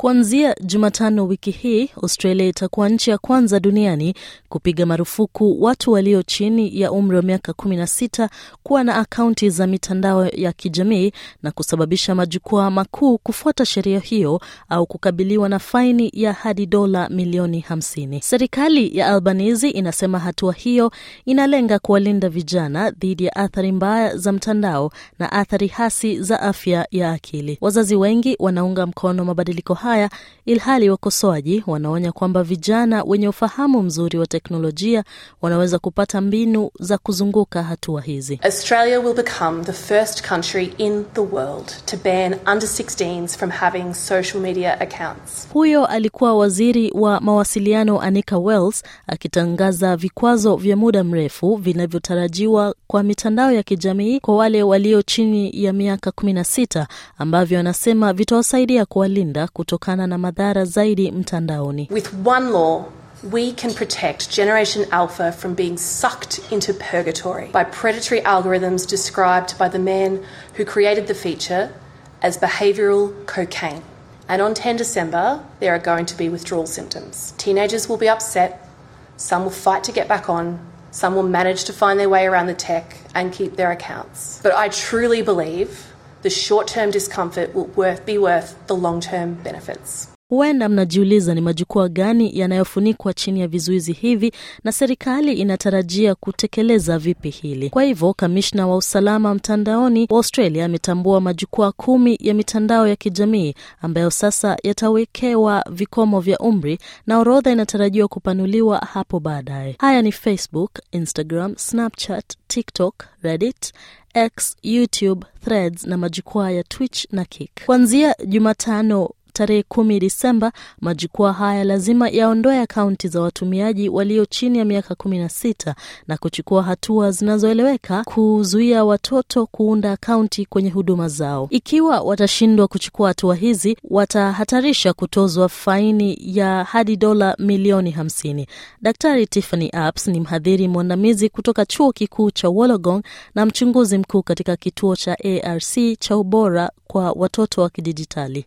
Kuanzia Jumatano wiki hii, Australia itakuwa nchi ya kwanza duniani kupiga marufuku watu walio chini ya umri wa miaka 16 kuwa na akaunti za mitandao ya kijamii na kusababisha majukwaa makuu kufuata sheria hiyo au kukabiliwa na faini ya hadi dola milioni 50. Serikali ya Albanese inasema hatua hiyo inalenga kuwalinda vijana dhidi ya athari mbaya za mtandao na athari hasi za afya ya akili. Wazazi wengi wanaunga mkono mabadiliko haya haya, ilhali wakosoaji wanaonya kwamba vijana wenye ufahamu mzuri wa teknolojia wanaweza kupata mbinu za kuzunguka hatua hizi. Australia will become the first country in the world to ban under 16s from having social media accounts. Huyo alikuwa waziri wa mawasiliano Anika Wells akitangaza vikwazo vya muda mrefu vinavyotarajiwa kwa mitandao ya kijamii kwa wale walio chini ya miaka 16 ambavyo anasema vitawasaidia kuwalinda kuto kutokana na madhara zaidi mtandaoni. With one law we can protect Generation Alpha from being sucked into purgatory by predatory algorithms described by the man who created the feature as behavioural cocaine. And on 10 December, there are going to be withdrawal symptoms. Teenagers will be upset, some will fight to get back on, some will manage to find their way around the tech and keep their accounts. But I truly believe the short-term discomfort will worth, be worth the long-term benefits. Huenda mnajiuliza ni majukwaa gani yanayofunikwa chini ya vizuizi hivi na serikali inatarajia kutekeleza vipi hili. Kwa hivyo, kamishna wa usalama mtandaoni wa Australia ametambua majukwaa kumi ya mitandao ya kijamii ambayo sasa yatawekewa vikomo vya umri na orodha inatarajiwa kupanuliwa hapo baadaye. Haya ni Facebook, Instagram, Snapchat, TikTok, Reddit, X, YouTube, Threads na majukwaa ya Twitch na Kick. Kuanzia Jumatano tarehe kumi Disemba, majukwaa haya lazima yaondoe akaunti za watumiaji walio chini ya miaka kumi na sita na kuchukua hatua zinazoeleweka kuzuia watoto kuunda akaunti kwenye huduma zao. Ikiwa watashindwa kuchukua hatua hizi, watahatarisha kutozwa faini ya hadi dola milioni hamsini. Daktari Tiffany Apps ni mhadhiri mwandamizi kutoka chuo kikuu cha Wollongong na mchunguzi mkuu katika kituo cha ARC cha ubora kwa watoto wa kidijitali.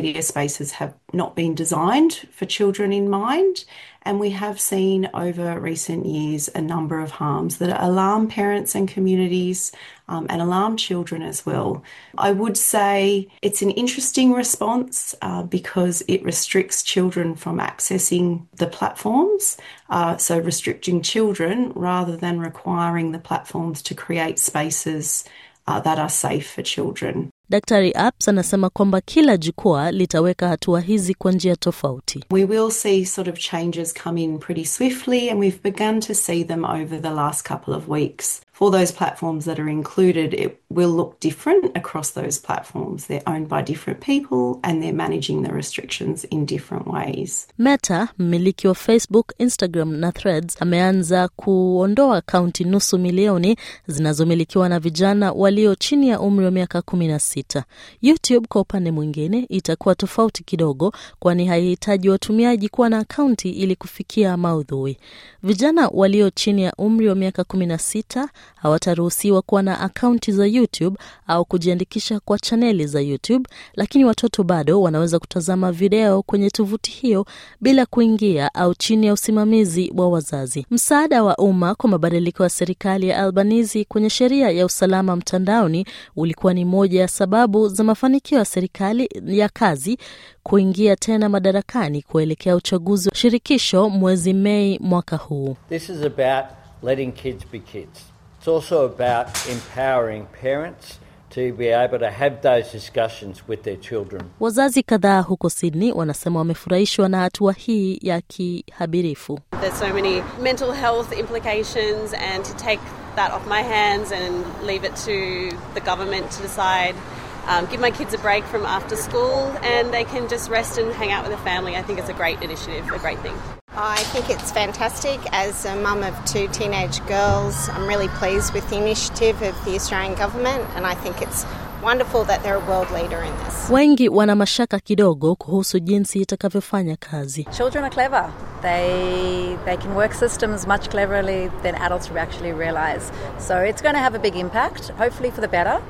media spaces have not been designed for children in mind. And we have seen over recent years a number of harms that alarm parents and communities um, and alarm children as well. I would say it's an interesting response uh, because it restricts children from accessing the platforms. Uh, so, restricting children rather than requiring the platforms to create spaces uh, that are safe for children. Daktari Apps anasema kwamba kila jukwaa litaweka hatua hizi kwa njia tofauti. We will see sort of changes come in pretty swiftly and we've begun to see them over the last couple of weeks for those platforms that are included, it will look different across those platforms. They're owned by different people and they're managing the restrictions in different ways. Meta, mmiliki wa Facebook, Instagram na Threads, ameanza kuondoa kaunti nusu milioni zinazomilikiwa na vijana walio chini ya umri wa miaka kumi na sita. YouTube kwa upande mwingine itakuwa tofauti kidogo, kwani haihitaji watumiaji kuwa na akaunti ili kufikia maudhui. Vijana walio chini ya umri wa miaka kumi na sita hawataruhusiwa kuwa na akaunti za YouTube au kujiandikisha kwa chaneli za YouTube, lakini watoto bado wanaweza kutazama video kwenye tovuti hiyo bila kuingia au chini ya usimamizi wa wazazi. Msaada wa umma kwa mabadiliko ya serikali ya Albanizi kwenye sheria ya usalama mtandaoni ulikuwa ni moja ya sababu za mafanikio ya serikali ya kazi kuingia tena madarakani kuelekea uchaguzi wa shirikisho mwezi Mei mwaka huu. This is about letting kids be kids. It's also about empowering parents to be able to have those discussions with their children. Wazazi kadhaa huko Sydney wanasema wamefurahishwa na hatua hii ya kihabirifu. There's so many mental health implications and to take that off my hands and leave it to the government to decide um, give my kids a break from after school and they can just rest and hang out with the family. I think it's a great initiative, a great thing. I think it's fantastic. As a mum of two teenage girls, I'm really pleased with the initiative of the Australian government, and I think it's wonderful that they're a world leader in this. Wengi wana mashaka kidogo kuhusu jinsi itakavyofanya kazi. Children are clever. They they can work systems much cleverly than adults actually realize. So it's going to have a big impact, hopefully for the better,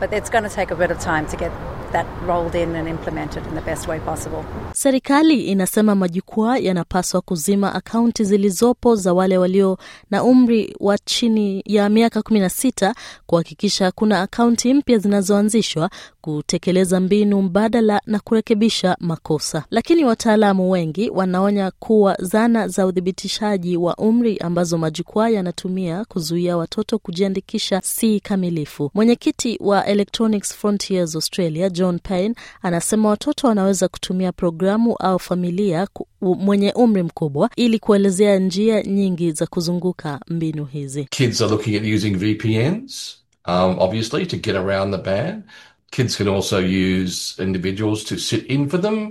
but it's going to take a bit of time to get that rolled in and implemented in the best way possible. Serikali inasema majukwaa yanapaswa kuzima akaunti zilizopo za wale walio na umri wa chini ya miaka 16 kuhakikisha kuna akaunti mpya zinazoanzishwa kutekeleza mbinu mbadala na kurekebisha makosa. Lakini wataalamu wengi wanaonya kuwa zana za uthibitishaji wa umri ambazo majukwaa yanatumia kuzuia watoto kujiandikisha si kamilifu. Mwenyekiti wa Electronics Frontiers Australia John Payne anasema watoto wanaweza kutumia programu au familia mwenye umri mkubwa ili kuelezea njia nyingi za kuzunguka mbinu hizi. Kids are looking at using VPNs, um, obviously to get around the ban. Kids can also use individuals to sit in for them,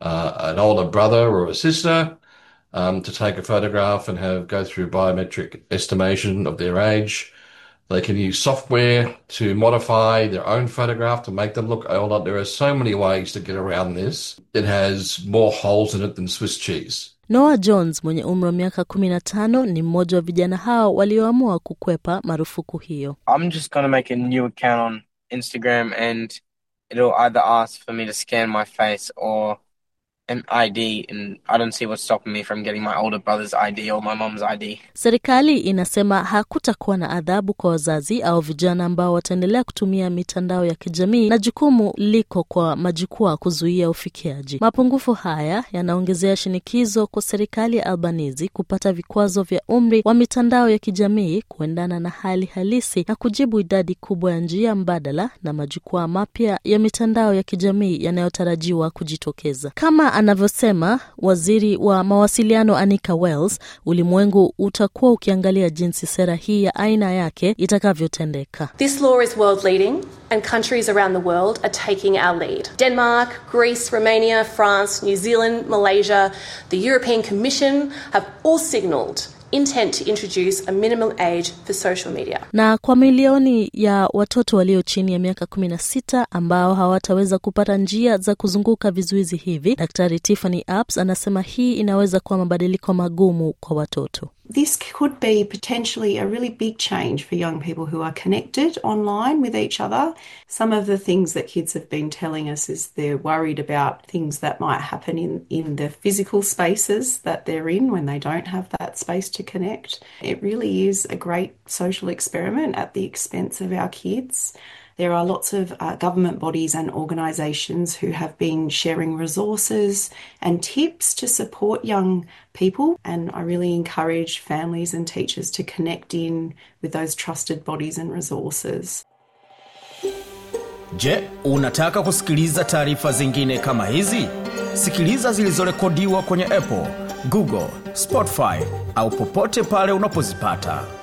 uh, an older brother or a sister. Um, to take a photograph and have go through biometric estimation of their age They can use software to modify their own photograph to make them look older. There are so many ways to get around this. It has more holes in it than Swiss cheese. Noah Jones mwenye umri wa miaka kumi na tano ni mmoja wa vijana hao walioamua kukwepa marufuku hiyo. I'm just gonna make a new account on Instagram and it'll either ask for me to scan my face or ID and I don't see what's stopping me from getting my older brother's ID or my mom's ID. Serikali inasema hakutakuwa na adhabu kwa wazazi au vijana ambao wataendelea kutumia mitandao ya kijamii na jukumu liko kwa majukwaa kuzuia ufikiaji. Mapungufu haya yanaongezea shinikizo kwa serikali ya Albanizi kupata vikwazo vya umri wa mitandao ya kijamii kuendana na hali halisi na kujibu idadi kubwa ya njia mbadala na majukwaa mapya ya mitandao ya kijamii yanayotarajiwa kujitokeza. Kama anavyosema waziri wa mawasiliano Anika Wells, ulimwengu utakuwa ukiangalia jinsi sera hii ya aina yake itakavyotendeka. This law is world leading and countries around the world are taking our lead. Denmark, Greece, Romania, France, New Zealand, Malaysia, the European Commission have all signalled intent to introduce a age for social media. Na kwa milioni ya watoto walio chini ya miaka 16 ambao hawataweza kupata njia za kuzunguka vizuizi hivi, Daktari Tiffany Apps anasema hii inaweza kuwa mabadiliko magumu kwa watoto. this could be potentially a really big change for young people who are connected online with each other. Some of the things that kids have been telling us is they're worried about things that might happen in, in the physical spaces that they're in when they don't have that space to connect. It really is a great social experiment at the expense of our kids. There are lots of uh, government bodies and organisations who have been sharing resources and tips to support young people. And I really encourage families and teachers to connect in with those trusted bodies and resources. Je, unataka kusikiliza taarifa zingine kama hizi? Sikiliza zilizorekodiwa kwenye Apple, Google, Spotify au popote pale unapozipata.